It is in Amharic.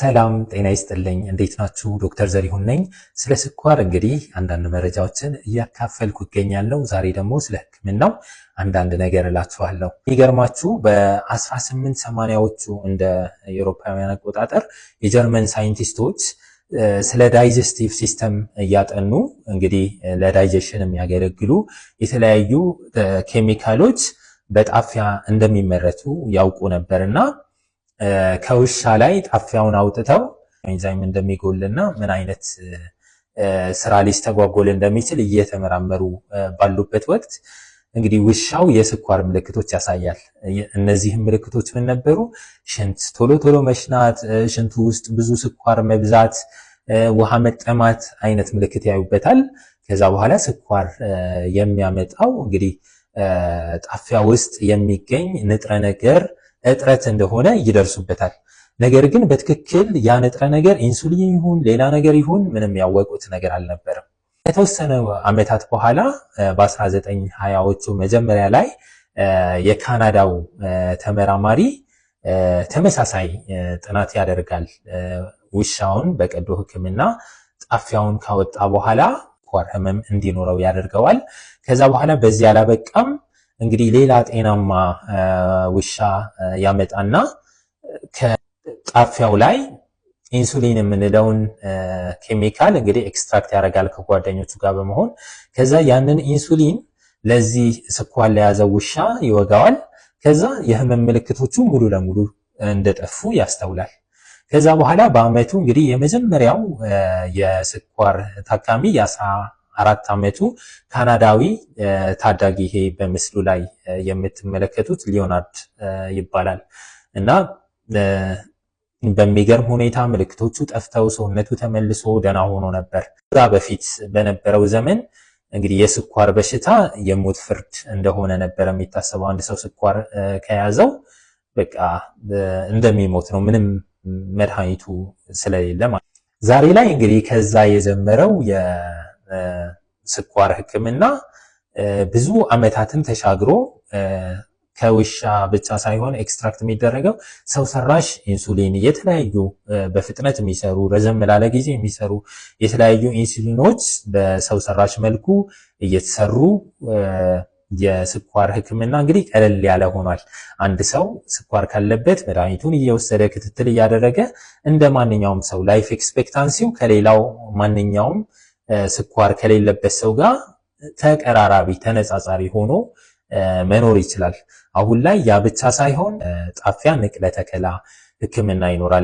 ሰላም ጤና ይስጥልኝ። እንዴት ናችሁ? ዶክተር ዘሪሁን ነኝ። ስለ ስኳር እንግዲህ አንዳንድ መረጃዎችን እያካፈልኩ ይገኛለሁ። ዛሬ ደግሞ ስለ ሕክምናው አንዳንድ ነገር እላችኋለሁ። የሚገርማችሁ በ1880ዎቹ እንደ ኤሮፓውያን አቆጣጠር የጀርመን ሳይንቲስቶች ስለ ዳይጀስቲቭ ሲስተም እያጠኑ እንግዲህ ለዳይጀሽን የሚያገለግሉ የተለያዩ ኬሚካሎች በጣፊያ እንደሚመረቱ ያውቁ ነበር እና ከውሻ ላይ ጣፊያውን አውጥተው ኤንዛይም እንደሚጎልና ምን አይነት ስራ ሊስተጓጎል እንደሚችል እየተመራመሩ ባሉበት ወቅት እንግዲህ ውሻው የስኳር ምልክቶች ያሳያል። እነዚህም ምልክቶች ምን ነበሩ? ሽንት ቶሎ ቶሎ መሽናት፣ ሽንቱ ውስጥ ብዙ ስኳር መብዛት፣ ውሃ መጠማት አይነት ምልክት ያዩበታል። ከዛ በኋላ ስኳር የሚያመጣው እንግዲህ ጣፊያ ውስጥ የሚገኝ ንጥረ ነገር እጥረት እንደሆነ ይደርሱበታል። ነገር ግን በትክክል ያ ንጥረ ነገር ኢንሱሊን ይሁን ሌላ ነገር ይሁን ምንም ያወቁት ነገር አልነበረም። ከተወሰነ ዓመታት በኋላ በ1920ዎቹ መጀመሪያ ላይ የካናዳው ተመራማሪ ተመሳሳይ ጥናት ያደርጋል። ውሻውን በቀዶ ሕክምና ጣፊያውን ካወጣ በኋላ ስኳር ህመም እንዲኖረው ያደርገዋል። ከዛ በኋላ በዚህ አላበቃም። እንግዲህ ሌላ ጤናማ ውሻ ያመጣና ከጣፊያው ላይ ኢንሱሊን የምንለውን ኬሚካል እንግዲህ ኤክስትራክት ያደርጋል ከጓደኞቹ ጋር በመሆን ከዛ ያንን ኢንሱሊን ለዚህ ስኳር ለያዘው ውሻ ይወጋዋል። ከዛ የህመም ምልክቶቹ ሙሉ ለሙሉ እንደጠፉ ያስተውላል። ከዛ በኋላ በአመቱ እንግዲህ የመጀመሪያው የስኳር ታካሚ የአስራ አራት ዓመቱ ካናዳዊ ታዳጊ ይሄ በምስሉ ላይ የምትመለከቱት ሊዮናርድ ይባላል እና በሚገርም ሁኔታ ምልክቶቹ ጠፍተው ሰውነቱ ተመልሶ ደና ሆኖ ነበር። ራ በፊት በነበረው ዘመን እንግዲህ የስኳር በሽታ የሞት ፍርድ እንደሆነ ነበር የሚታሰበው። አንድ ሰው ስኳር ከያዘው በቃ እንደሚሞት ነው፣ ምንም መድኃኒቱ ስለሌለ ማለት። ዛሬ ላይ እንግዲህ ከዛ የጀመረው ስኳር ህክምና ብዙ አመታትን ተሻግሮ ከውሻ ብቻ ሳይሆን ኤክስትራክት የሚደረገው ሰው ሰራሽ ኢንሱሊን፣ የተለያዩ በፍጥነት የሚሰሩ ረዘም ላለ ጊዜ የሚሰሩ የተለያዩ ኢንሱሊኖች በሰው ሰራሽ መልኩ እየተሰሩ የስኳር ህክምና እንግዲህ ቀለል ያለ ሆኗል። አንድ ሰው ስኳር ካለበት መድኃኒቱን እየወሰደ ክትትል እያደረገ እንደ ማንኛውም ሰው ላይፍ ኤክስፔክታንሲው ከሌላው ማንኛውም ስኳር ከሌለበት ሰው ጋር ተቀራራቢ ተነጻጻሪ ሆኖ መኖር ይችላል። አሁን ላይ ያ ብቻ ሳይሆን ጣፊያ ንቅለ ተከላ ሕክምና ይኖራል።